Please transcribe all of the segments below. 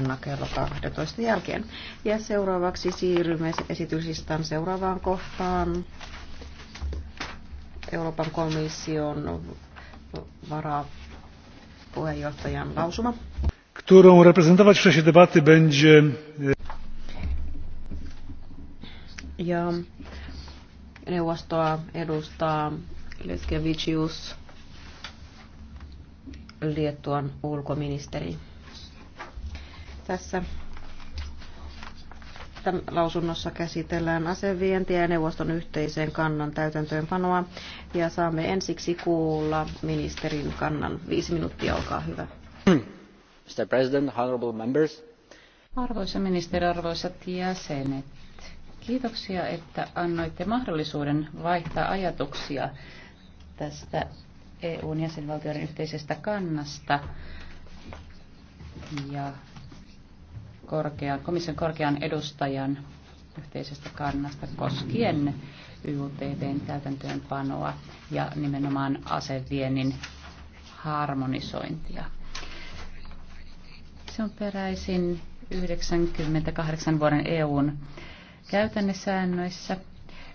huomenna kello 12 jälkeen. Ja seuraavaksi siirrymme esityslistan seuraavaan kohtaan. Euroopan komission varapuheenjohtajan lausuma. Którą reprezentować w czasie debaty będzie... E, ja neuvostoa edustaa Leskevicius, Liettuan ulkoministeri. Tässä lausunnossa käsitellään asevientiä ja neuvoston yhteiseen kannan täytäntöönpanoa. Ja saamme ensiksi kuulla ministerin kannan. Viisi minuuttia, olkaa hyvä. Mr. President, honorable members. Arvoisa ministeri, arvoisat jäsenet. Kiitoksia, että annoitte mahdollisuuden vaihtaa ajatuksia tästä EUn jäsenvaltioiden yhteisestä kannasta ja korkean, komission korkean edustajan yhteisestä kannasta koskien YUTVn täytäntöönpanoa ja nimenomaan aseviennin harmonisointia. Se on peräisin 98 vuoden EUn käytännesäännöissä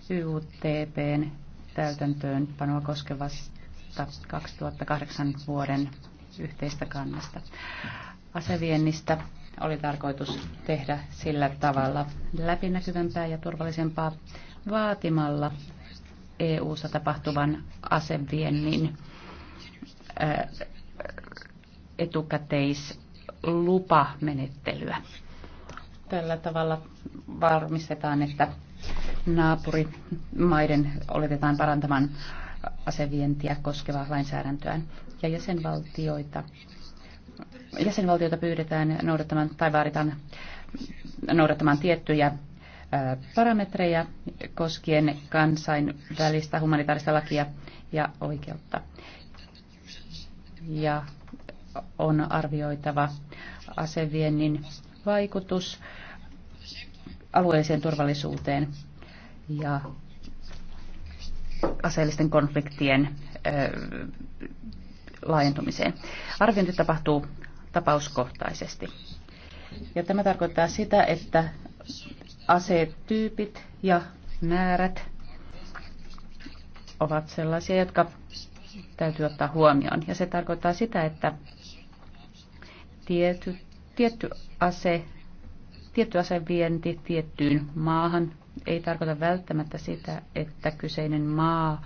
YUTPn täytäntöönpanoa koskevasta 2008 vuoden yhteistä kannasta aseviennistä oli tarkoitus tehdä sillä tavalla läpinäkyvämpää ja turvallisempaa vaatimalla EU-ssa tapahtuvan aseviennin äh, etukäteislupamenettelyä. Tällä tavalla varmistetaan, että naapurimaiden oletetaan parantamaan asevientiä koskevaa lainsäädäntöä ja jäsenvaltioita jäsenvaltioita pyydetään noudattamaan tai vaaditaan noudattamaan tiettyjä parametreja koskien kansainvälistä humanitaarista lakia ja oikeutta. Ja on arvioitava aseviennin vaikutus alueelliseen turvallisuuteen ja aseellisten konfliktien laajentumiseen. Arviointi tapahtuu tapauskohtaisesti. Ja tämä tarkoittaa sitä, että asetyypit ja määrät ovat sellaisia, jotka täytyy ottaa huomioon. Ja se tarkoittaa sitä, että tietty, tietty ase tietty asevienti tiettyyn maahan ei tarkoita välttämättä sitä, että kyseinen maa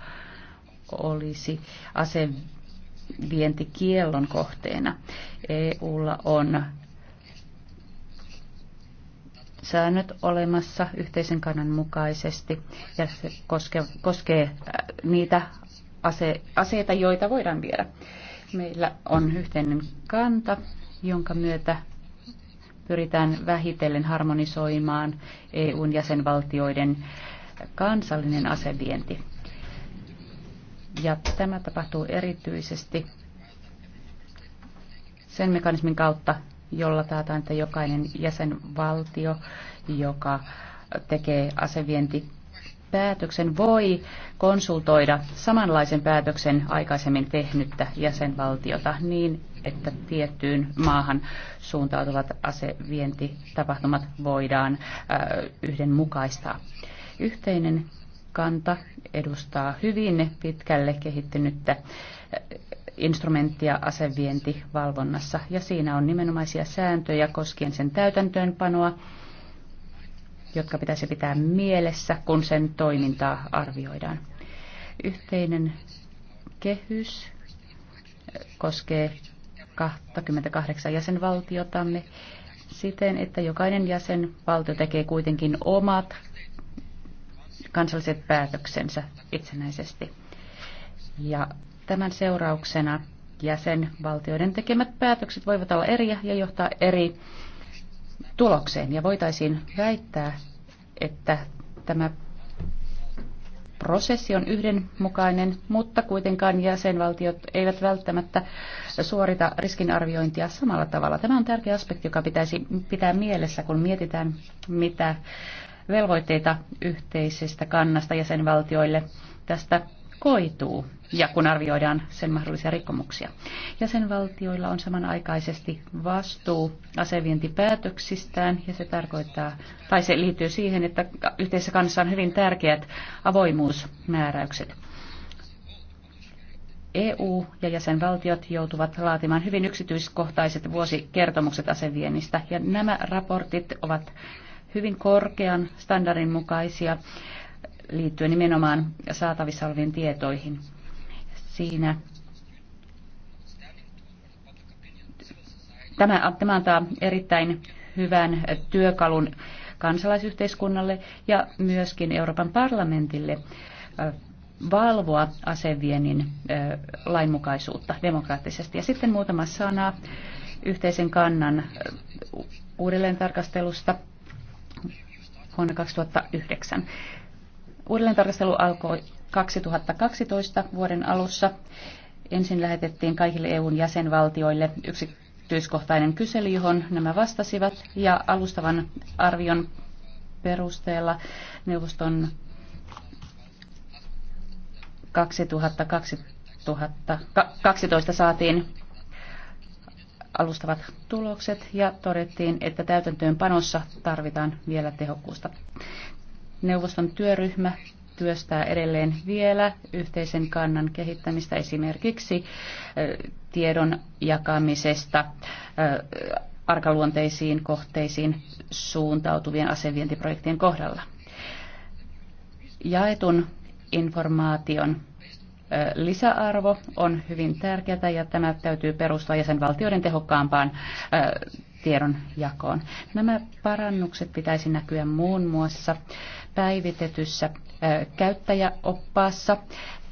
olisi aseen vientikiellon kohteena. EUlla on säännöt olemassa yhteisen kannan mukaisesti ja se koske, koskee äh, niitä ase, aseita, joita voidaan viedä. Meillä on yhteinen kanta, jonka myötä pyritään vähitellen harmonisoimaan EUn jäsenvaltioiden kansallinen asevienti. Ja tämä tapahtuu erityisesti sen mekanismin kautta, jolla taataan, että jokainen jäsenvaltio, joka tekee asevienti päätöksen voi konsultoida samanlaisen päätöksen aikaisemmin tehnyttä jäsenvaltiota niin, että tiettyyn maahan suuntautuvat asevientitapahtumat voidaan äh, yhdenmukaistaa. Yhteinen kanta edustaa hyvin pitkälle kehittynyttä eh, instrumenttia asevientivalvonnassa. Ja siinä on nimenomaisia sääntöjä koskien sen täytäntöönpanoa, jotka pitäisi pitää mielessä, kun sen toimintaa arvioidaan. Yhteinen kehys eh, koskee 28 jäsenvaltiotamme siten, että jokainen jäsenvaltio tekee kuitenkin omat kansalliset päätöksensä itsenäisesti. Ja tämän seurauksena jäsenvaltioiden tekemät päätökset voivat olla eriä ja johtaa eri tulokseen. Ja voitaisiin väittää, että tämä prosessi on yhdenmukainen, mutta kuitenkaan jäsenvaltiot eivät välttämättä suorita riskinarviointia samalla tavalla. Tämä on tärkeä aspekti, joka pitäisi pitää mielessä, kun mietitään, mitä velvoitteita yhteisestä kannasta jäsenvaltioille tästä koituu ja kun arvioidaan sen mahdollisia rikkomuksia. Jäsenvaltioilla on samanaikaisesti vastuu asevientipäätöksistään ja se tarkoittaa, tai se liittyy siihen, että yhteisessä kannassa on hyvin tärkeät avoimuusmääräykset. EU ja jäsenvaltiot joutuvat laatimaan hyvin yksityiskohtaiset vuosikertomukset aseviennistä ja nämä raportit ovat hyvin korkean standardin mukaisia liittyen nimenomaan saatavissa oleviin tietoihin. Siinä tämä, tämä antaa erittäin hyvän työkalun kansalaisyhteiskunnalle ja myöskin Euroopan parlamentille valvoa aseviennin lainmukaisuutta demokraattisesti. Ja sitten muutama sana yhteisen kannan uudelleen tarkastelusta vuonna 2009. Uudelleentarkastelu alkoi 2012 vuoden alussa. Ensin lähetettiin kaikille EUn jäsenvaltioille yksityiskohtainen kysely, johon nämä vastasivat, ja alustavan arvion perusteella neuvoston 2012 saatiin alustavat tulokset ja todettiin, että täytäntöönpanossa tarvitaan vielä tehokkuusta. Neuvoston työryhmä työstää edelleen vielä yhteisen kannan kehittämistä esimerkiksi tiedon jakamisesta arkaluonteisiin kohteisiin suuntautuvien asevientiprojektien kohdalla. Jaetun informaation lisäarvo on hyvin tärkeää ja tämä täytyy perustua jäsenvaltioiden tehokkaampaan tiedonjakoon. Nämä parannukset pitäisi näkyä muun muassa päivitetyssä käyttäjäoppaassa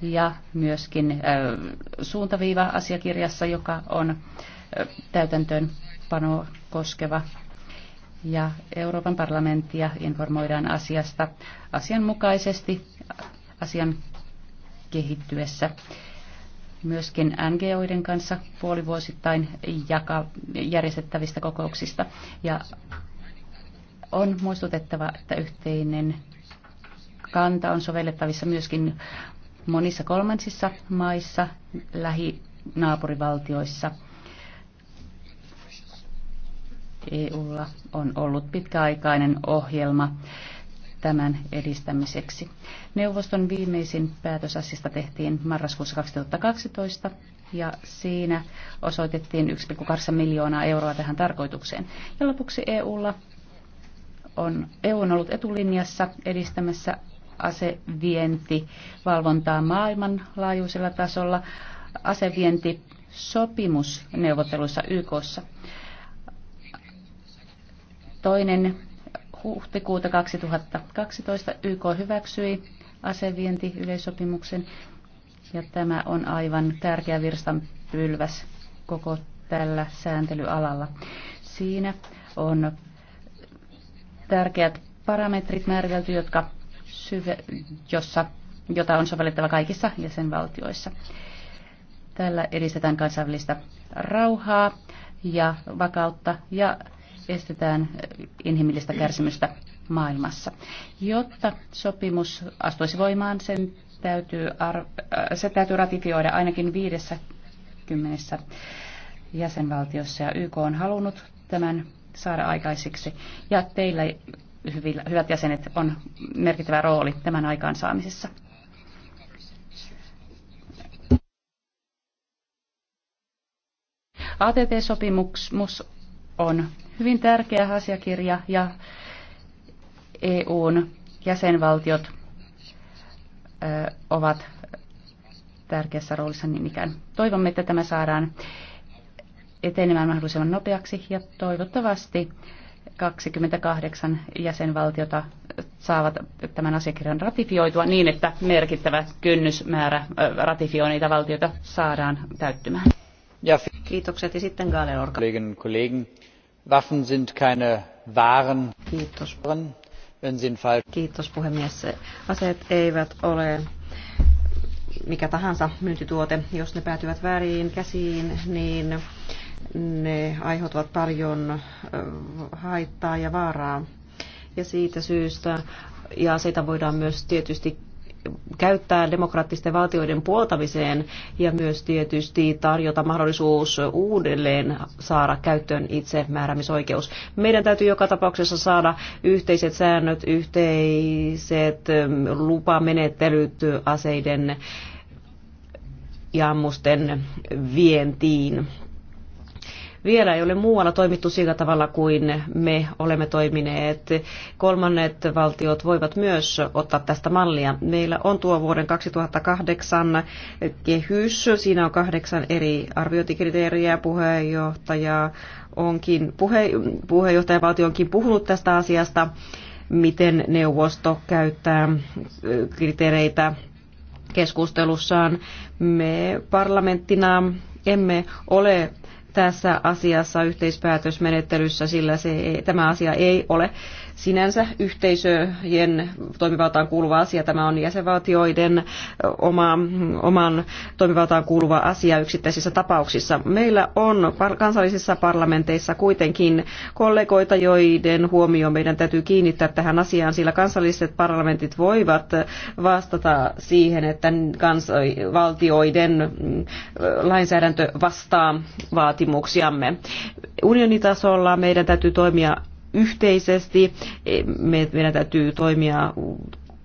ja myöskin suuntaviiva-asiakirjassa, joka on täytäntöönpano koskeva ja Euroopan parlamenttia informoidaan asiasta asianmukaisesti asian kehittyessä. Myöskin NGOiden kanssa puolivuosittain jaka, järjestettävistä kokouksista. Ja on muistutettava, että yhteinen kanta on sovellettavissa myöskin monissa kolmansissa maissa, lähinaapurivaltioissa. EUlla on ollut pitkäaikainen ohjelma tämän edistämiseksi. Neuvoston viimeisin päätösasista tehtiin marraskuussa 2012 ja siinä osoitettiin 1,8 miljoonaa euroa tähän tarkoitukseen. Ja lopuksi EUlla on, EU on ollut etulinjassa edistämässä asevientivalvontaa maailmanlaajuisella tasolla asevientisopimusneuvotteluissa YKssa. Toinen huhtikuuta 2012 YK hyväksyi asevientiyleissopimuksen ja tämä on aivan tärkeä virstanpylväs koko tällä sääntelyalalla. Siinä on tärkeät parametrit määritelty, jotka syve, jossa, jota on sovellettava kaikissa jäsenvaltioissa. Tällä edistetään kansainvälistä rauhaa ja vakautta ja estetään inhimillistä kärsimystä maailmassa. Jotta sopimus astuisi voimaan, sen täytyy, ar- äh, se täytyy ratifioida ainakin 50 jäsenvaltiossa ja YK on halunnut tämän saada aikaiseksi. Ja teillä, hyvät jäsenet, on merkittävä rooli tämän aikaansaamisessa. ATT-sopimus on hyvin tärkeä asiakirja ja EUn jäsenvaltiot ovat tärkeässä roolissa niin ikään. Toivomme, että tämä saadaan etenemään mahdollisimman nopeaksi ja toivottavasti 28 jäsenvaltiota saavat tämän asiakirjan ratifioitua niin, että merkittävä kynnysmäärä ratifioineita valtioita saadaan täyttymään. Ja Kiitokset ja sitten Gaalen Orka. Waffen sind keine Waren. Kiitos. Wenn sie fall... Kiitos puhemies. Aseet eivät ole mikä tahansa myyntituote. Jos ne päätyvät väärin käsiin, niin ne aiheuttavat paljon haittaa ja vaaraa. Ja siitä syystä ja aseita voidaan myös tietysti käyttää demokraattisten valtioiden puoltamiseen ja myös tietysti tarjota mahdollisuus uudelleen saada käyttöön itsemääräämisoikeus. Meidän täytyy joka tapauksessa saada yhteiset säännöt, yhteiset ähm, lupamenettelyt aseiden ja ammusten vientiin vielä ei ole muualla toimittu sillä tavalla kuin me olemme toimineet. Kolmannet valtiot voivat myös ottaa tästä mallia. Meillä on tuo vuoden 2008 kehys. Siinä on kahdeksan eri arviointikriteeriä. Puheenjohtaja onkin, puhe, puheenjohtajavaltio onkin puhunut tästä asiasta miten neuvosto käyttää kriteereitä keskustelussaan. Me parlamenttina emme ole tässä asiassa yhteispäätösmenettelyssä, sillä se, tämä asia ei ole sinänsä yhteisöjen toimivaltaan kuuluva asia. Tämä on jäsenvaltioiden oma, oman toimivaltaan kuuluva asia yksittäisissä tapauksissa. Meillä on kansallisissa parlamenteissa kuitenkin kollegoita, joiden huomio meidän täytyy kiinnittää tähän asiaan, sillä kansalliset parlamentit voivat vastata siihen, että valtioiden lainsäädäntö vastaa vaatimuksiamme. Unionitasolla meidän täytyy toimia yhteisesti. Meidän täytyy toimia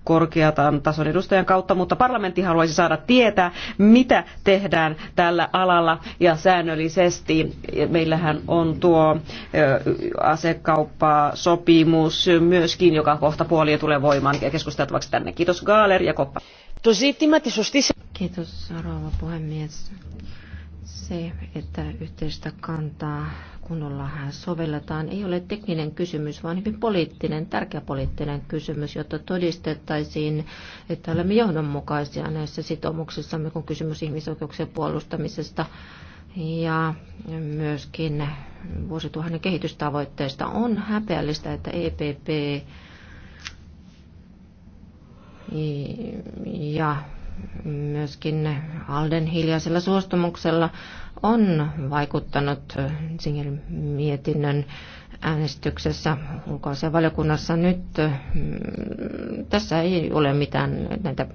korkeatan tason edustajan kautta, mutta parlamentti haluaisi saada tietää, mitä tehdään tällä alalla ja säännöllisesti. Meillähän on tuo asekauppasopimus myöskin, joka kohta puoli tulee voimaan keskusteltavaksi tänne. Kiitos Gaaler ja Koppa. Siis- Kiitos rouva puhemies. Se, että yhteistä kantaa kunnolla sovelletaan, ei ole tekninen kysymys, vaan hyvin poliittinen, tärkeä poliittinen kysymys, jotta todistettaisiin, että olemme johdonmukaisia näissä sitoumuksissa, kun kysymys ihmisoikeuksien puolustamisesta ja myöskin vuosituhannen kehitystavoitteista. On häpeällistä, että EPP ja myöskin Alden hiljaisella suostumuksella on vaikuttanut Singer mietinnön äänestyksessä valiokunnassa nyt. Mm, tässä ei ole mitään näitä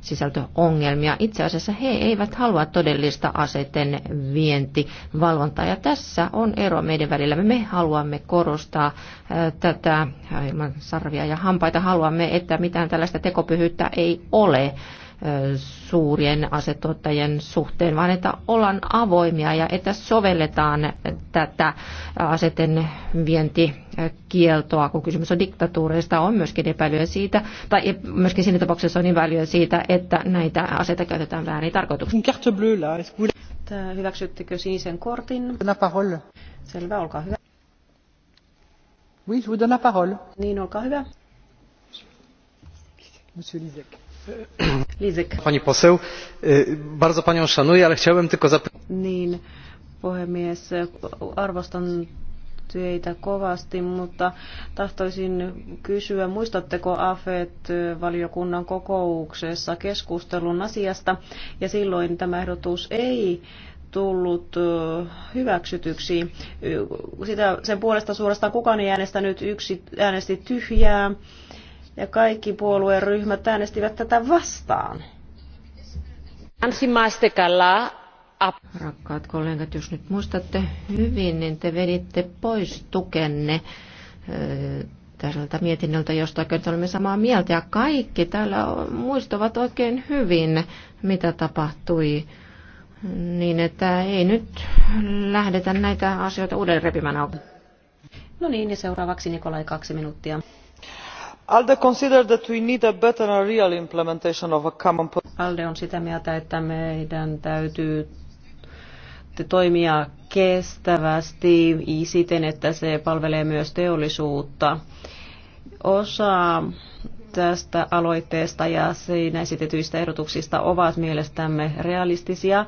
sisältöongelmia. Itse asiassa he eivät halua todellista aseten vientivalvontaa. Ja tässä on ero meidän välillä. Me haluamme korostaa tätä ilman sarvia ja hampaita. Haluamme, että mitään tällaista tekopyhyyttä ei ole suurien asetuottajien suhteen, vaan että ollaan avoimia ja että sovelletaan tätä aseten vientikieltoa, kun kysymys on diktatuureista, on myöskin epäilyä siitä, tai e, myöskin siinä tapauksessa on epäilyä siitä, että näitä aseita käytetään väärin tarkoituksia. Hyväksyttekö sinisen kortin? Selvä, olkaa hyvä. Oui, je vous donne la parole. Niin, olkaa hyvä. Monsieur Lisek. Pani poseł, bardzo panią szanuję, ale chciałem tylko zapytać. Niin, puhemies, arvostan teitä kovasti, mutta tahtoisin kysyä, muistatteko AFET-valiokunnan kokouksessa keskustelun asiasta, ja silloin tämä ehdotus ei tullut hyväksytyksi. Sitä, sen puolesta suorastaan kukaan ei äänestänyt, yksi äänesti tyhjää ja kaikki puolueen ryhmät äänestivät tätä vastaan. Rakkaat kollegat, jos nyt muistatte hyvin, niin te veditte pois tukenne tältä mietinnöltä, josta nyt olemme samaa mieltä. Ja kaikki täällä muistavat oikein hyvin, mitä tapahtui. Niin, että ei nyt lähdetä näitä asioita uudelleen repimään auki. No niin, ja seuraavaksi Nikolai kaksi minuuttia alde considers that we need a better and real implementation of a common alde on sitä mieltä että meidän täytyy toimia kestävästi siten, että se palvelee myös teollisuutta. Osa tästä aloitteesta ja siinä esitetyistä ehdotuksista ovat mielestämme realistisia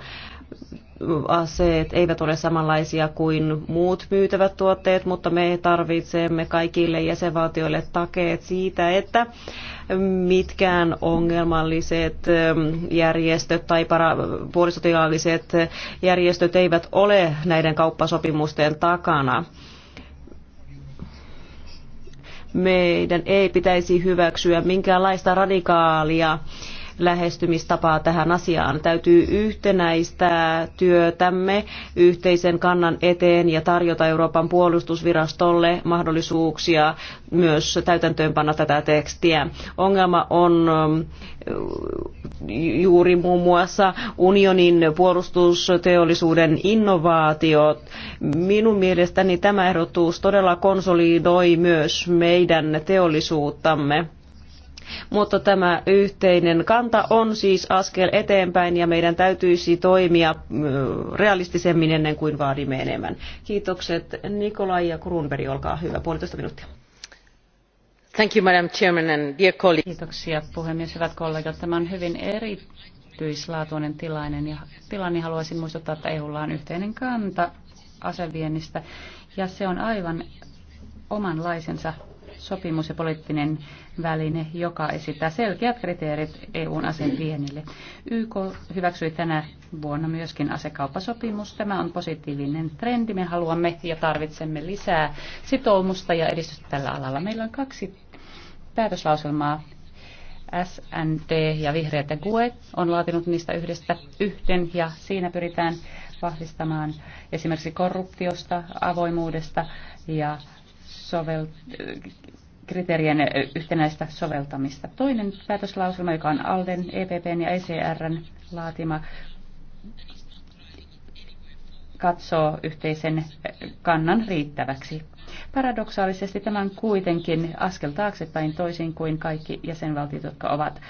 aseet eivät ole samanlaisia kuin muut myytävät tuotteet, mutta me tarvitsemme kaikille jäsenvaltioille takeet siitä, että mitkään ongelmalliset ähm, järjestöt tai puolisotilaalliset järjestöt eivät ole näiden kauppasopimusten takana meidän ei pitäisi hyväksyä minkäänlaista radikaalia lähestymistapaa tähän asiaan. Täytyy yhtenäistää työtämme yhteisen kannan eteen ja tarjota Euroopan puolustusvirastolle mahdollisuuksia myös täytäntöönpanna tätä tekstiä. Ongelma on äh, juuri muun muassa unionin puolustusteollisuuden innovaatiot. Minun mielestäni tämä ehdotus todella konsolidoi myös meidän teollisuuttamme mutta tämä yhteinen kanta on siis askel eteenpäin ja meidän täytyisi toimia realistisemmin ennen kuin vaadimme enemmän. Kiitokset Nikolai ja Grunberg, olkaa hyvä, puolitoista minuuttia. Thank you, Madam Chairman and dear colleagues. Kiitoksia puhemies, hyvät kollegat. Tämä on hyvin eri erityislaatuinen tilanne ja, tilanne. Haluaisin muistuttaa, että EUlla on yhteinen kanta aseviennistä ja se on aivan omanlaisensa sopimus ja poliittinen väline, joka esittää selkeät kriteerit EUn asen viennille. YK hyväksyi tänä vuonna myöskin asekauppasopimus. Tämä on positiivinen trendi. Me haluamme ja tarvitsemme lisää sitoumusta ja edistystä tällä alalla. Meillä on kaksi päätöslauselmaa SND ja Vihreät ja GUE on laatinut niistä yhdestä yhden ja siinä pyritään vahvistamaan esimerkiksi korruptiosta, avoimuudesta ja sovel- kriteerien yhtenäistä soveltamista. Toinen päätöslauselma, joka on ALDEN, EPPn ja ECRn laatima, katsoo yhteisen kannan riittäväksi. Paradoksaalisesti tämän kuitenkin askel taaksepäin toisin kuin kaikki jäsenvaltiot, jotka ovat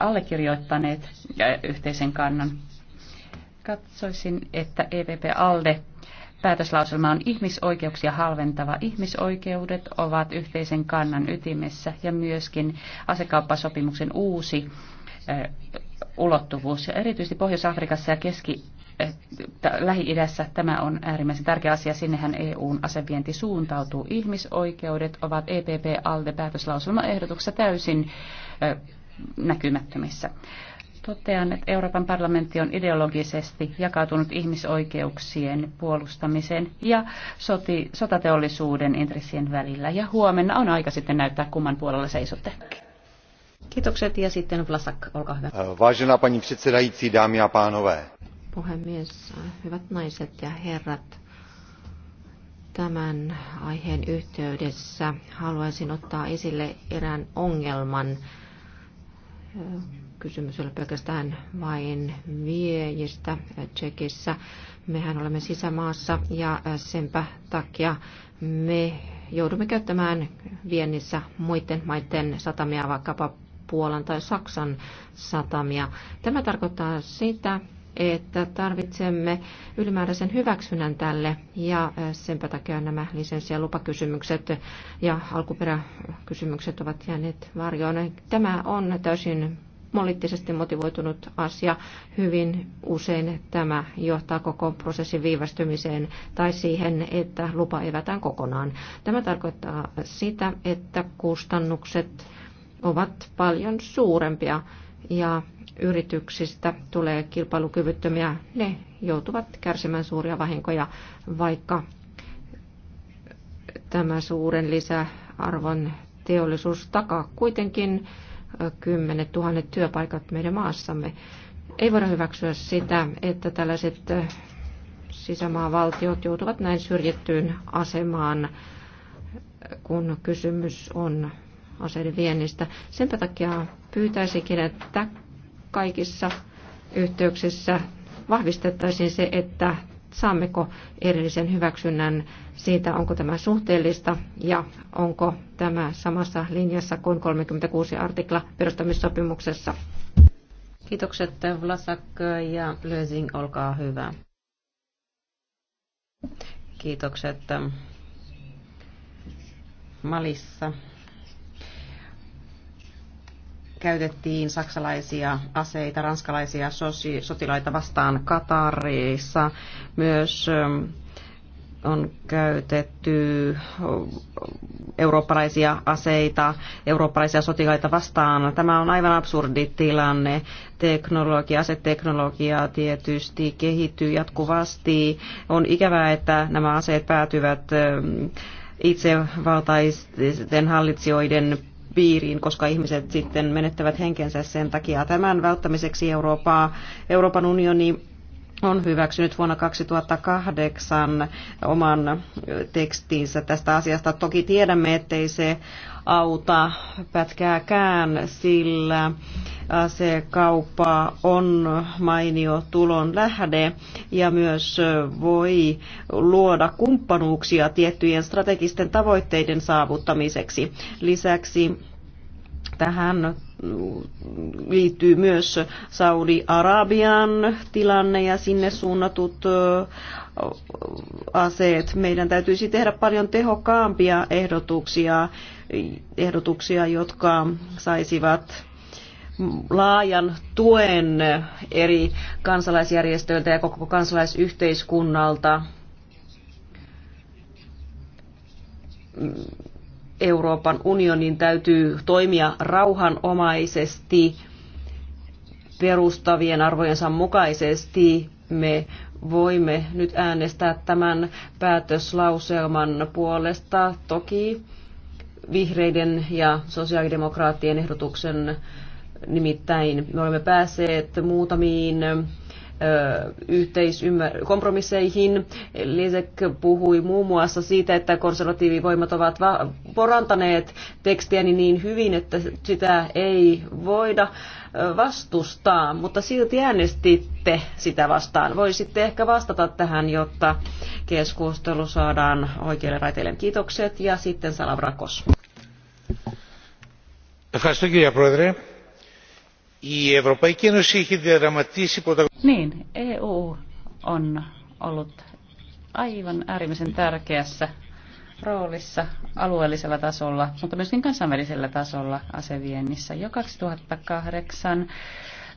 allekirjoittaneet yhteisen kannan. Katsoisin, että EPP ALDE päätöslauselma on ihmisoikeuksia halventava. Ihmisoikeudet ovat yhteisen kannan ytimessä ja myöskin asekauppasopimuksen uusi ulottuvuus. Ja erityisesti Pohjois-Afrikassa ja Keski- Lähi-idässä tämä on äärimmäisen tärkeä asia. Sinnehän EUn asevienti suuntautuu. Ihmisoikeudet ovat EPP-ALDE-päätöslauselmaehdotuksessa täysin näkymättömissä. Totean, että Euroopan parlamentti on ideologisesti jakautunut ihmisoikeuksien puolustamisen ja soti, sotateollisuuden intressien välillä. Ja huomenna on aika sitten näyttää, kumman puolella seisotte. Kiitokset ja sitten Vlasak, olkaa hyvä. Äh, vážená paní předsedající, dámy a pánové. Puhemies, hyvät naiset ja herrat. Tämän aiheen yhteydessä haluaisin ottaa esille erään ongelman, kysymys ole pelkästään vain viejistä Tsekissä. Mehän olemme sisämaassa ja senpä takia me joudumme käyttämään viennissä muiden maiden satamia, vaikkapa Puolan tai Saksan satamia. Tämä tarkoittaa sitä, että tarvitsemme ylimääräisen hyväksynnän tälle ja senpä takia nämä lisenssi- ja lupakysymykset ja alkuperäkysymykset ovat jääneet varjoon. Tämä on täysin poliittisesti motivoitunut asia. Hyvin usein tämä johtaa koko prosessin viivästymiseen tai siihen, että lupa evätään kokonaan. Tämä tarkoittaa sitä, että kustannukset ovat paljon suurempia ja yrityksistä tulee kilpailukyvyttömiä. Ne joutuvat kärsimään suuria vahinkoja, vaikka tämä suuren lisäarvon teollisuus takaa kuitenkin kymmenet tuhannet työpaikat meidän maassamme. Ei voida hyväksyä sitä, että tällaiset eh, sisämaavaltiot joutuvat näin syrjettyyn asemaan, kun kysymys on aseiden viennistä. Sen takia pyytäisikin, että kaikissa yhteyksissä vahvistettaisiin se, että saammeko erillisen hyväksynnän siitä, onko tämä suhteellista ja onko tämä samassa linjassa kuin 36 artikla perustamissopimuksessa. Kiitokset Vlasak ja Lösing, olkaa hyvä. Kiitokset Malissa käytettiin saksalaisia aseita, ranskalaisia sotilaita vastaan Katarissa. Myös ähm, on käytetty äh, eurooppalaisia aseita, eurooppalaisia sotilaita vastaan. Tämä on aivan absurdi tilanne. Teknologia, aseteknologia tietysti kehittyy jatkuvasti. On ikävää, että nämä aseet päätyvät ähm, itsevaltaisten hallitsijoiden piiriin, koska ihmiset sitten menettävät henkensä sen takia. Tämän välttämiseksi Eurooppaa, Euroopan unioni on hyväksynyt vuonna 2008 oman tekstinsä tästä asiasta. Toki tiedämme, ettei se auta pätkääkään, sillä kauppa on mainio tulon lähde ja myös voi luoda kumppanuuksia tiettyjen strategisten tavoitteiden saavuttamiseksi. Lisäksi tähän liittyy myös Saudi-Arabian tilanne ja sinne suunnatut aseet. Meidän täytyisi tehdä paljon tehokkaampia ehdotuksia, ehdotuksia jotka saisivat laajan tuen eri kansalaisjärjestöiltä ja koko kansalaisyhteiskunnalta Euroopan unionin täytyy toimia rauhanomaisesti perustavien arvojensa mukaisesti. Me voimme nyt äänestää tämän päätöslauselman puolesta. Toki vihreiden ja sosiaalidemokraattien ehdotuksen nimittäin me olemme päässeet muutamiin yhteisymmärrykompromisseihin. Lisek puhui muun muassa siitä, että konservatiivivoimat ovat va- porantaneet tekstiäni niin, niin hyvin, että sitä ei voida vastustaa, mutta silti äänestitte sitä vastaan. Voisitte ehkä vastata tähän, jotta keskustelu saadaan oikeille raiteille. Kiitokset ja sitten Salavrakos. Ευχαριστώ κύριε Πρόεδρε. Η Ευρωπαϊκή Ένωση έχει διαδραματίσει Niin, EU on ollut aivan äärimmäisen tärkeässä roolissa alueellisella tasolla, mutta myöskin kansainvälisellä tasolla aseviennissä. Jo 2008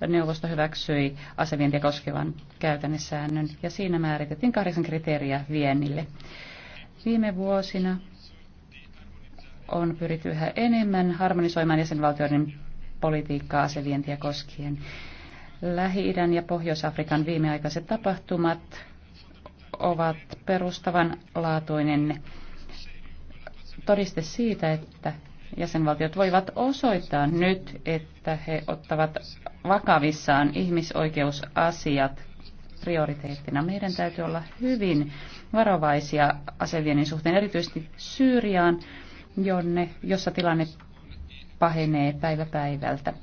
neuvosto hyväksyi asevientiä koskevan käytännössäännön ja siinä määritettiin kahdeksan kriteeriä viennille. Viime vuosina on pyritty yhä enemmän harmonisoimaan jäsenvaltioiden politiikkaa asevientiä koskien. Lähi-idän ja Pohjois-Afrikan viimeaikaiset tapahtumat ovat perustavanlaatuinen todiste siitä, että jäsenvaltiot voivat osoittaa nyt, että he ottavat vakavissaan ihmisoikeusasiat prioriteettina. Meidän täytyy olla hyvin varovaisia aseviennin suhteen, erityisesti Syyriaan, jonne, jossa tilanne pahenee päivä päivältä.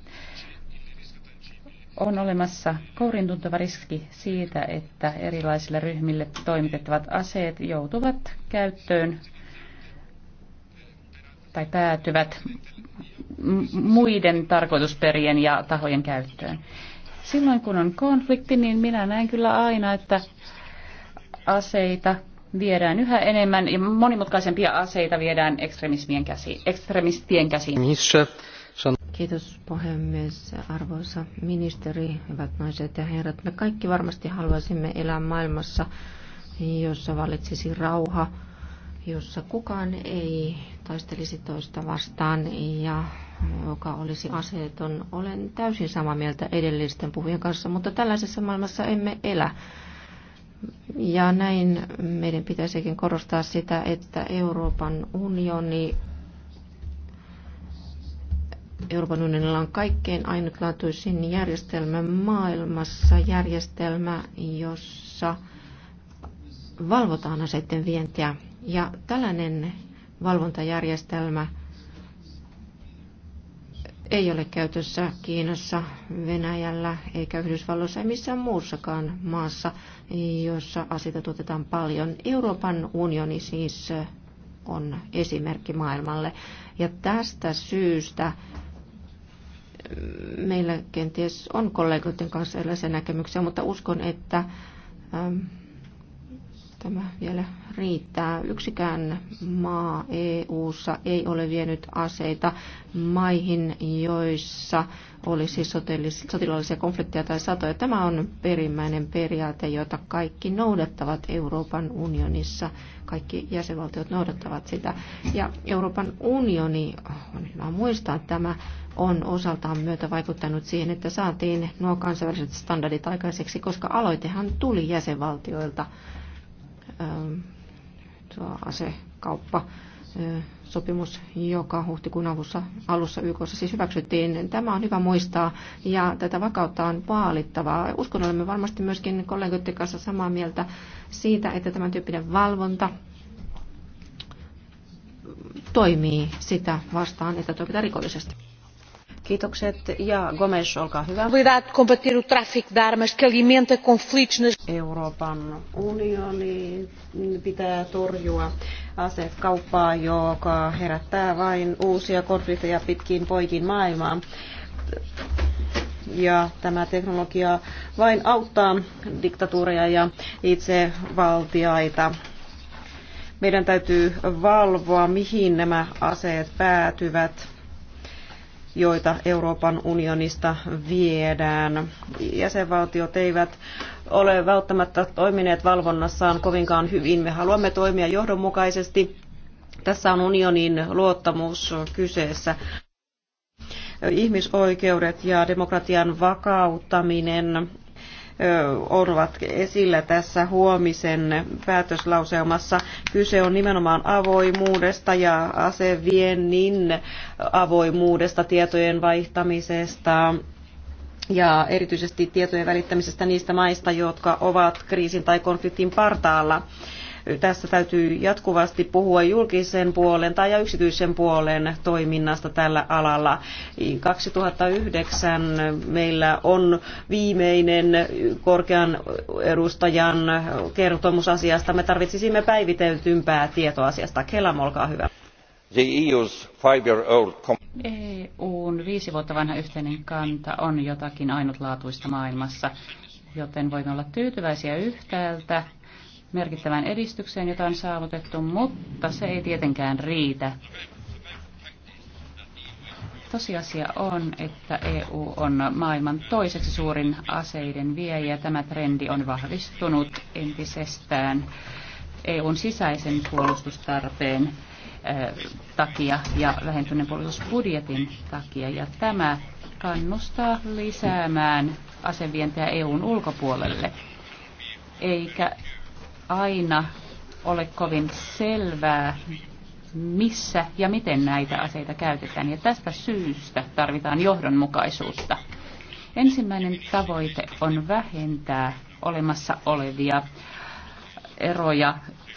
On olemassa kourintuntava riski siitä, että erilaisille ryhmille toimitettavat aseet joutuvat käyttöön tai päätyvät muiden tarkoitusperien ja tahojen käyttöön. Silloin kun on konflikti, niin minä näen kyllä aina, että aseita viedään yhä enemmän ja monimutkaisempia aseita viedään ekstremismien käsi. ekstremistien käsiin. Kiitos puhemies, arvoisa ministeri, hyvät naiset ja herrat. Me kaikki varmasti haluaisimme elää maailmassa, jossa valitsisi rauha, jossa kukaan ei taistelisi toista vastaan ja joka olisi aseeton. Olen täysin samaa mieltä edellisten puhujien kanssa, mutta tällaisessa maailmassa emme elä. Ja näin meidän pitäisikin korostaa sitä, että Euroopan unioni Euroopan unionilla on kaikkein ainutlaatuisin järjestelmä maailmassa, järjestelmä, jossa valvotaan aseiden vientiä. Ja tällainen valvontajärjestelmä ei ole käytössä Kiinassa, Venäjällä eikä Yhdysvalloissa ei missään muussakaan maassa, jossa asioita tuotetaan paljon. Euroopan unioni siis on esimerkki maailmalle. Ja tästä syystä meillä kenties on kollegoiden kanssa erilaisia näkemyksiä, mutta uskon, että tämä vielä riittää. Yksikään maa EU:ssa ei ole vienyt aseita maihin, joissa olisi sotilaallisia konflikteja tai satoja. Tämä on perimmäinen periaate, jota kaikki noudattavat Euroopan unionissa. Kaikki jäsenvaltiot noudattavat sitä. Ja Euroopan unioni, on hyvä muistaa, että tämä on osaltaan myötä vaikuttanut siihen, että saatiin nuo kansainväliset standardit aikaiseksi, koska aloitehan tuli jäsenvaltioilta Ehm, tuo asekauppa sopimus, joka huhtikuun alussa, alussa YK siis hyväksyttiin. Tämä on hyvä muistaa ja tätä vakautta on vaalittavaa. Uskon olemme varmasti myöskin kollegoiden kanssa samaa mieltä siitä, että tämän tyyppinen valvonta toimii sitä vastaan, että toimitaan rikollisesti. Kiitokset. Ja Gomes, olkaa hyvä. Euroopan unioni pitää torjua asekauppaa, joka herättää vain uusia konflikteja pitkin poikin maailmaa. Ja tämä teknologia vain auttaa diktatuureja ja itsevaltiaita meidän täytyy valvoa, mihin nämä aseet päätyvät joita Euroopan unionista viedään. Jäsenvaltiot eivät ole välttämättä toimineet valvonnassaan kovinkaan hyvin. Me haluamme toimia johdonmukaisesti. Tässä on unionin luottamus kyseessä ihmisoikeudet ja demokratian vakauttaminen ovat esillä tässä huomisen päätöslauselmassa. Kyse on nimenomaan avoimuudesta ja aseviennin avoimuudesta, tietojen vaihtamisesta ja erityisesti tietojen välittämisestä niistä maista, jotka ovat kriisin tai konfliktin partaalla. Tässä täytyy jatkuvasti puhua julkisen puolen tai yksityisen puolen toiminnasta tällä alalla. 2009 meillä on viimeinen korkean edustajan kertomus asiasta. Me tarvitsisimme päiviteltympää tietoa asiasta. Kelam, olkaa hyvä. The EU's EUn viisi vuotta vanha yhteinen kanta on jotakin ainutlaatuista maailmassa, joten voimme olla tyytyväisiä yhtäältä merkittävään edistykseen, jota on saavutettu, mutta se ei tietenkään riitä. Tosiasia on, että EU on maailman toiseksi suurin aseiden viejä tämä trendi on vahvistunut entisestään EUn sisäisen puolustustarpeen takia ja vähentyneen puolustusbudjetin takia. Ja tämä kannustaa lisäämään asevientiä EUn ulkopuolelle, eikä aina ole kovin selvää, missä ja miten näitä aseita käytetään. Ja tästä syystä tarvitaan johdonmukaisuutta. Ensimmäinen tavoite on vähentää olemassa olevia eroja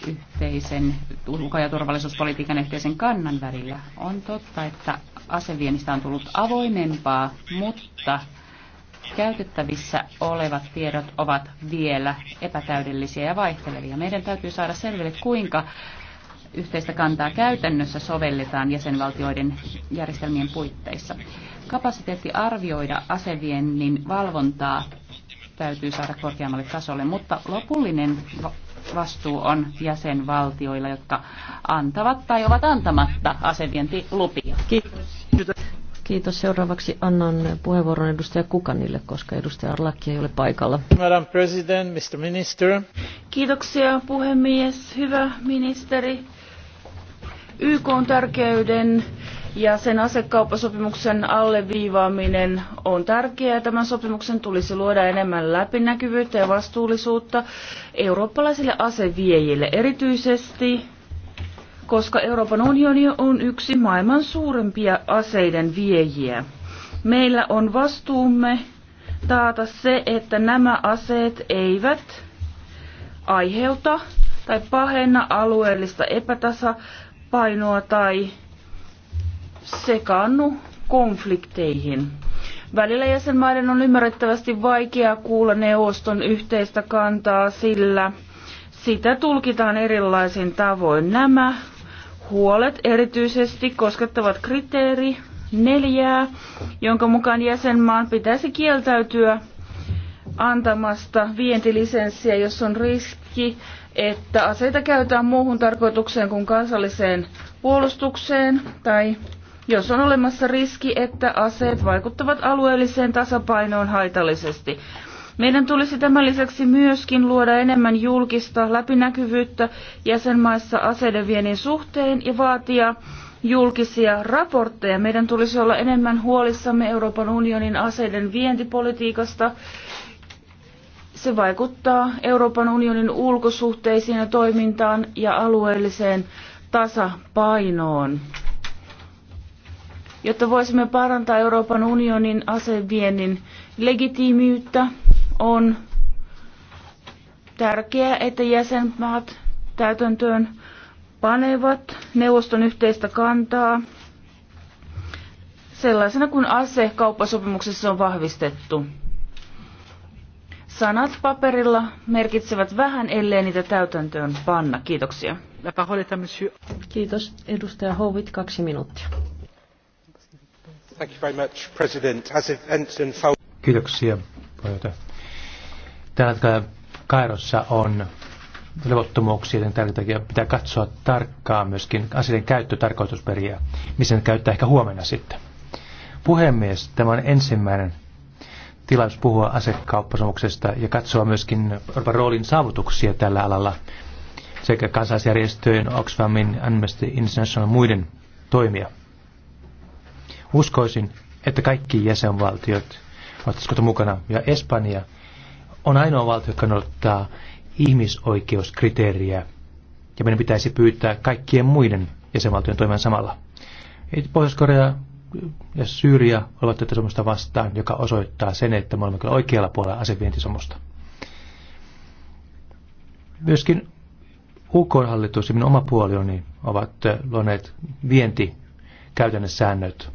yhteisen ulko- ja turvallisuuspolitiikan yhteisen kannan välillä. On totta, että aseviennistä on tullut avoimempaa, mutta Käytettävissä olevat tiedot ovat vielä epätäydellisiä ja vaihtelevia. Meidän täytyy saada selville, kuinka yhteistä kantaa käytännössä sovelletaan jäsenvaltioiden järjestelmien puitteissa. Kapasiteetti arvioida aseviennin valvontaa täytyy saada korkeammalle tasolle, mutta lopullinen vastuu on jäsenvaltioilla, jotka antavat tai ovat antamatta asevientilupia. Kiitos. Kiitos. Seuraavaksi annan puheenvuoron edustaja Kukanille, koska edustaja Arlakki ei ole paikalla. Madam President, Mr. Minister. Kiitoksia puhemies, hyvä ministeri. YK on tärkeyden ja sen asekauppasopimuksen alleviivaaminen on tärkeää. Tämän sopimuksen tulisi luoda enemmän läpinäkyvyyttä ja vastuullisuutta eurooppalaisille aseviejille erityisesti koska Euroopan unioni on yksi maailman suurimpia aseiden viejiä. Meillä on vastuumme taata se, että nämä aseet eivät aiheuta tai pahenna alueellista epätasapainoa tai sekaannu konflikteihin. Välillä jäsenmaiden on ymmärrettävästi vaikea kuulla neuvoston yhteistä kantaa, sillä sitä tulkitaan erilaisin tavoin. Nämä huolet erityisesti koskettavat kriteeri neljää, jonka mukaan jäsenmaan pitäisi kieltäytyä antamasta vientilisenssiä, jos on riski, että aseita käytetään muuhun tarkoitukseen kuin kansalliseen puolustukseen tai jos on olemassa riski, että aseet vaikuttavat alueelliseen tasapainoon haitallisesti. Meidän tulisi tämän lisäksi myöskin luoda enemmän julkista läpinäkyvyyttä jäsenmaissa aseiden viennin suhteen ja vaatia julkisia raportteja. Meidän tulisi olla enemmän huolissamme Euroopan unionin aseiden vientipolitiikasta. Se vaikuttaa Euroopan unionin ulkosuhteisiin ja toimintaan ja alueelliseen tasapainoon. Jotta voisimme parantaa Euroopan unionin aseviennin legitiimiyttä, on tärkeää, että jäsenmaat täytäntöön panevat neuvoston yhteistä kantaa sellaisena kuin ASE-kauppasopimuksessa on vahvistettu. Sanat paperilla merkitsevät vähän, ellei niitä täytäntöön panna. Kiitoksia. Kiitos. Edustaja Hovit kaksi minuuttia. Thank you very much, President. Kiitoksia, puheenjohtaja. Tällä hetkellä Kairossa on levottomuuksia, joten tämän takia pitää katsoa tarkkaan myöskin asioiden käyttötarkoitusperiä, missä ne käyttää ehkä huomenna sitten. Puhemies, tämä on ensimmäinen tilaisuus puhua asekauppasomuksesta ja katsoa myöskin Euroopan roolin saavutuksia tällä alalla sekä kansalaisjärjestöjen, Oxfamin, Amnesty International muiden toimia. Uskoisin, että kaikki jäsenvaltiot ovat mukana ja Espanja – on ainoa valtio, joka noudattaa ihmisoikeuskriteeriä, ja meidän pitäisi pyytää kaikkien muiden jäsenvaltion toimimaan samalla. Pohjois-Korea ja Syyria ovat tätä sopimusta vastaan, joka osoittaa sen, että me olemme kyllä oikealla puolella asevientisomusta. Myöskin UK-hallitus ja minun oma puolioni ovat luoneet säännöt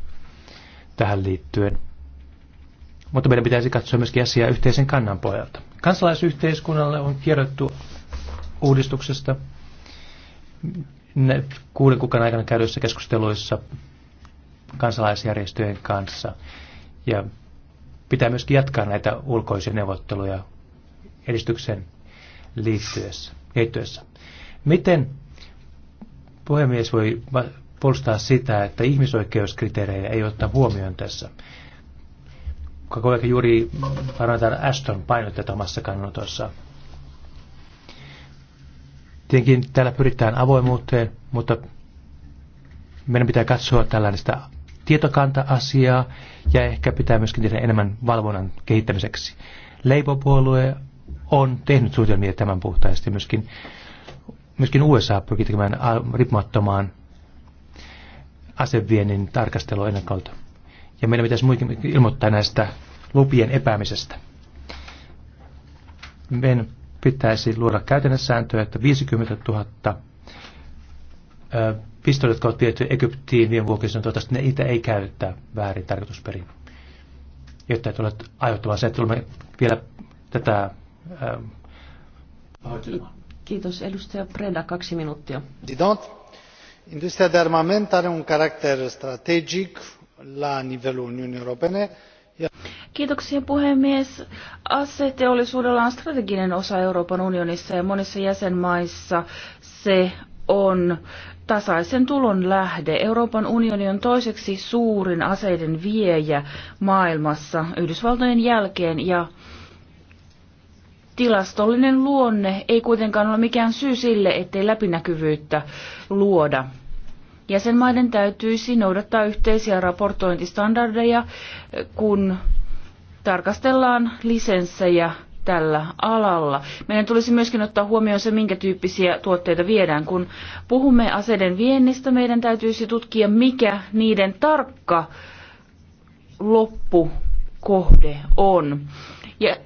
tähän liittyen mutta meidän pitäisi katsoa myöskin asiaa yhteisen kannan pohjalta. Kansalaisyhteiskunnalle on kierrottu uudistuksesta kuuden kukan aikana käydyissä keskusteluissa kansalaisjärjestöjen kanssa. Ja pitää myöskin jatkaa näitä ulkoisia neuvotteluja edistyksen liittyessä, liittyessä. Miten puhemies voi puolustaa sitä, että ihmisoikeuskriteerejä ei ottaa huomioon tässä? kollega juuri Varantar Ashton painotti omassa kannanotossaan. Tietenkin täällä pyritään avoimuuteen, mutta meidän pitää katsoa tällaista tietokanta-asiaa ja ehkä pitää myöskin tehdä enemmän valvonnan kehittämiseksi. Leipopuolue on tehnyt suunnitelmia tämän puhtaasti myöskin, myöskin USA pyrkii tekemään riippumattomaan aseviennin tarkastelua ennen kautta ja meidän pitäisi ilmoittaa näistä lupien epäämisestä. Meidän pitäisi luoda sääntöä, että 50 000 pistoja jotka on viety Egyptiin viime vuokisena, niin toivottavasti ne itse ei käytä väärin tarkoitusperin. Jotta ei tule aiheuttamaan se, että tulemme vielä tätä... Ähm, Kiitos. Edustaja Preda, kaksi minuuttia. President, industria de armament are un caracter strategic, la nivelul Uniunii Europene. Kiitoksia puhemies. Aseteollisuudella on strateginen osa Euroopan unionissa ja monissa jäsenmaissa se on tasaisen tulon lähde. Euroopan unioni on toiseksi suurin aseiden viejä maailmassa Yhdysvaltojen jälkeen ja tilastollinen luonne ei kuitenkaan ole mikään syy sille, ettei läpinäkyvyyttä luoda. Jäsenmaiden täytyisi noudattaa yhteisiä raportointistandardeja, kun tarkastellaan lisenssejä tällä alalla. Meidän tulisi myöskin ottaa huomioon se, minkä tyyppisiä tuotteita viedään. Kun puhumme aseiden viennistä, meidän täytyisi tutkia, mikä niiden tarkka loppukohde on. Ja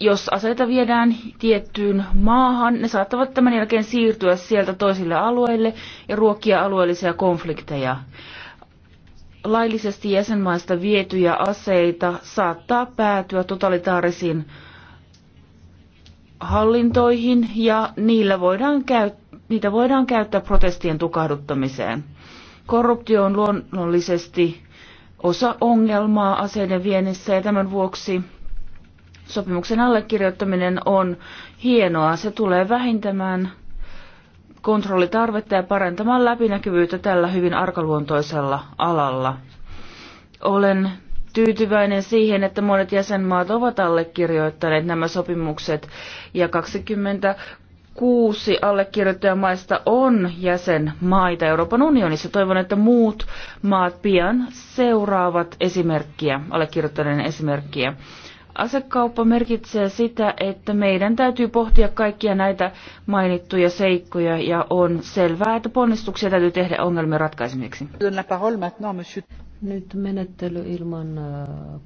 jos aseita viedään tiettyyn maahan, ne saattavat tämän jälkeen siirtyä sieltä toisille alueille ja ruokkia alueellisia konflikteja. Laillisesti jäsenmaista vietyjä aseita saattaa päätyä totalitaarisiin hallintoihin ja niillä voidaan käyt- niitä voidaan käyttää protestien tukahduttamiseen. Korruptio on luonnollisesti osa ongelmaa aseiden viennissä ja tämän vuoksi Sopimuksen allekirjoittaminen on hienoa. Se tulee vähintämään kontrollitarvetta ja parantamaan läpinäkyvyyttä tällä hyvin arkaluontoisella alalla. Olen tyytyväinen siihen, että monet jäsenmaat ovat allekirjoittaneet nämä sopimukset ja 26 allekirjoittajamaista on jäsenmaita Euroopan unionissa. Toivon, että muut maat pian seuraavat esimerkkiä, allekirjoittaneen esimerkkiä. Asekauppa merkitsee sitä, että meidän täytyy pohtia kaikkia näitä mainittuja seikkoja ja on selvää, että ponnistuksia täytyy tehdä ongelmien ratkaisemiseksi. Nyt menettely ilman äh,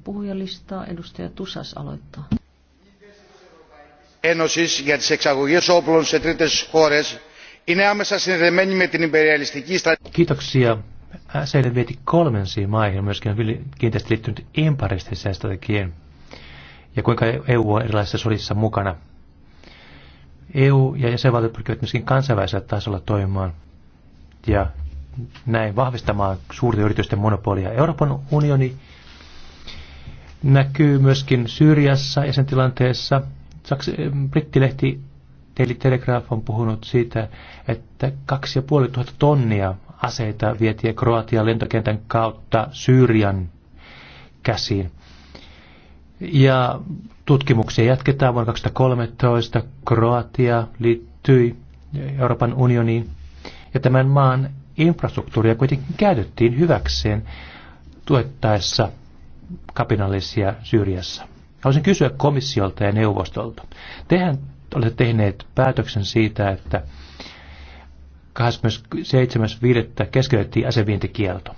puhujalistaa. Edustaja Tusas aloittaa. Ένωσης για τις εξαγωγές όπλων σε τρίτες χώρες είναι άμεσα συνδεμένη με την υπεριαλιστική στρατηγική. Κοίταξια äh, vieti kolmansiin maihin on myöskin kiinteästi liittynyt imperialistiseen strategiaan, ja kuinka EU on erilaisissa sodissa mukana. EU ja jäsenvaltiot pyrkivät myöskin kansainvälisellä tasolla toimimaan ja näin vahvistamaan suurten yritysten monopolia. Euroopan unioni näkyy myöskin Syyriassa ja sen tilanteessa. Saks, brittilehti Daily Telegraph on puhunut siitä, että 2500 tonnia aseita vietiin Kroatian lentokentän kautta Syyrian käsiin. Ja tutkimuksia jatketaan vuonna 2013. Kroatia liittyi Euroopan unioniin ja tämän maan infrastruktuuria kuitenkin käytettiin hyväkseen tuettaessa kapinallisia Syyriassa. Haluaisin kysyä komissiolta ja neuvostolta. Tehän olette tehneet päätöksen siitä, että 27.5. keskeytettiin asevientikielto.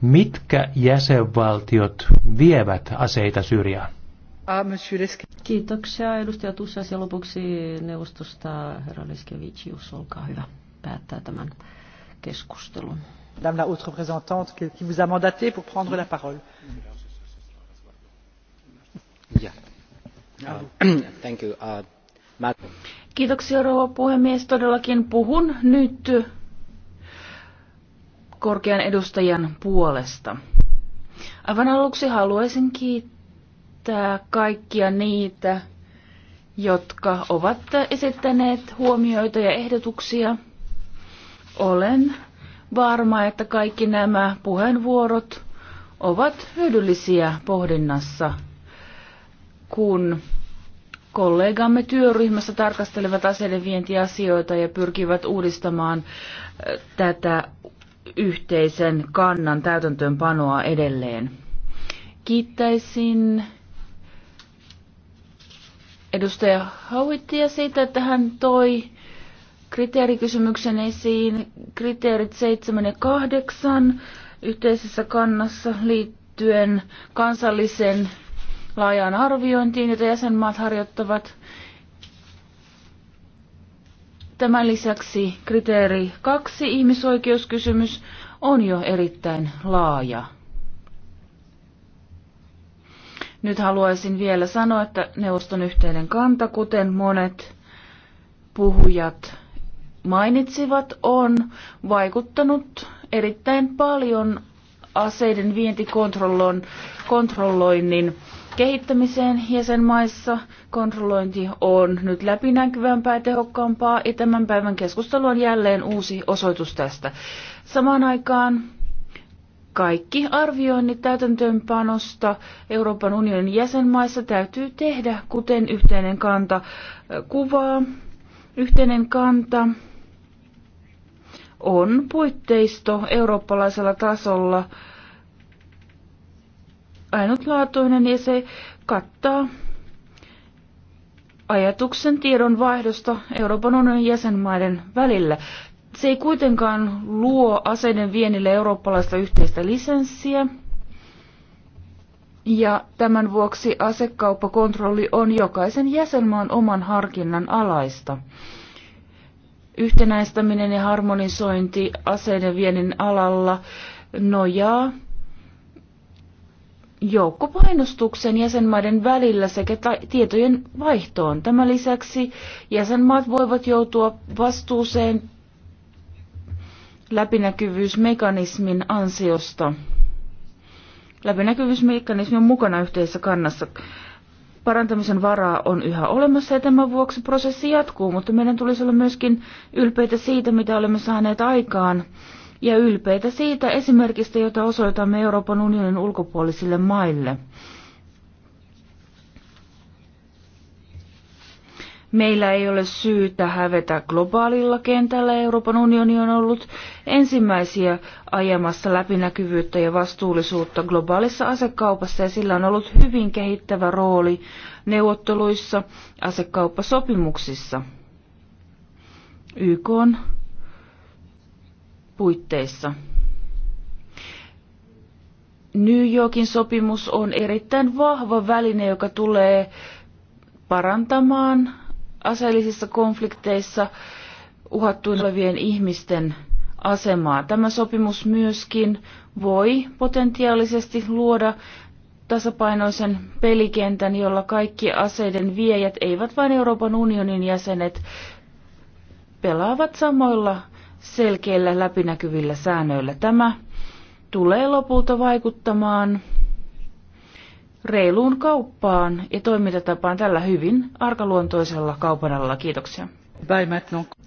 Mitkä jäsenvaltiot vievät aseita Syyriaan? Kiitoksia edustaja Tussas ja lopuksi neuvostosta herra Leskevicius olkaa hyvä, päättää tämän keskustelun. Madame la haute représentante qui vous a mandaté pour prendre la parole. Uh, uh, Kiitoksia rouva puhemies. Todellakin puhun nyt korkean edustajan puolesta. Aivan aluksi haluaisin kiittää kaikkia niitä, jotka ovat esittäneet huomioita ja ehdotuksia. Olen varma, että kaikki nämä puheenvuorot ovat hyödyllisiä pohdinnassa, kun kollegamme työryhmässä tarkastelevat aseiden vientiasioita ja pyrkivät uudistamaan äh, tätä yhteisen kannan täytäntöönpanoa edelleen. Kiittäisin edustaja Hauittia siitä, että hän toi kriteerikysymyksen esiin. Kriteerit 7 ja 8 yhteisessä kannassa liittyen kansallisen laajaan arviointiin, jota jäsenmaat harjoittavat. Tämän lisäksi kriteeri kaksi ihmisoikeuskysymys on jo erittäin laaja. Nyt haluaisin vielä sanoa, että neuvoston yhteinen kanta, kuten monet puhujat mainitsivat, on vaikuttanut erittäin paljon aseiden vientikontrolloinnin kehittämiseen jäsenmaissa. Kontrollointi on nyt läpinäkyvämpää ja tehokkaampaa, ja tämän päivän keskustelu on jälleen uusi osoitus tästä. Samaan aikaan kaikki arvioinnit täytäntöönpanosta Euroopan unionin jäsenmaissa täytyy tehdä, kuten yhteinen kanta kuvaa. Yhteinen kanta on puitteisto eurooppalaisella tasolla – ainutlaatuinen ja se kattaa ajatuksen tiedon vaihdosta Euroopan unionin jäsenmaiden välillä. Se ei kuitenkaan luo aseiden vienille eurooppalaista yhteistä lisenssiä, ja tämän vuoksi asekauppakontrolli on jokaisen jäsenmaan oman harkinnan alaista. Yhtenäistäminen ja harmonisointi aseiden viennin alalla nojaa joukkopainostuksen jäsenmaiden välillä sekä tietojen vaihtoon. Tämän lisäksi jäsenmaat voivat joutua vastuuseen läpinäkyvyysmekanismin ansiosta. Läpinäkyvyysmekanismi on mukana yhteisessä kannassa. Parantamisen varaa on yhä olemassa ja tämän vuoksi prosessi jatkuu, mutta meidän tulisi olla myöskin ylpeitä siitä, mitä olemme saaneet aikaan ja ylpeitä siitä esimerkistä, jota osoitamme Euroopan unionin ulkopuolisille maille. Meillä ei ole syytä hävetä globaalilla kentällä. Euroopan unioni on ollut ensimmäisiä ajamassa läpinäkyvyyttä ja vastuullisuutta globaalissa asekaupassa ja sillä on ollut hyvin kehittävä rooli neuvotteluissa asekauppasopimuksissa. YK on puitteissa. New Yorkin sopimus on erittäin vahva väline, joka tulee parantamaan aseellisissa konflikteissa uhattuin olevien ihmisten asemaa. Tämä sopimus myöskin voi potentiaalisesti luoda tasapainoisen pelikentän, jolla kaikki aseiden viejät, eivät vain Euroopan unionin jäsenet, pelaavat samoilla selkeillä läpinäkyvillä säännöillä. Tämä tulee lopulta vaikuttamaan reiluun kauppaan ja toimintatapaan tällä hyvin arkaluontoisella kaupan alalla. Kiitoksia.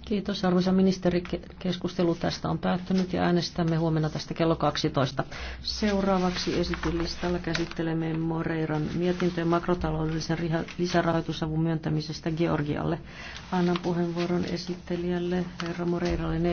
Kiitos arvoisa ministeri. Keskustelu tästä on päättynyt ja äänestämme huomenna tästä kello 12. Seuraavaksi esitylistalla käsittelemme Moreiran mietintöjen makrotaloudellisen lisärahoitusavun myöntämisestä Georgialle. Annan puheenvuoron esittelijälle herra Moreiralle.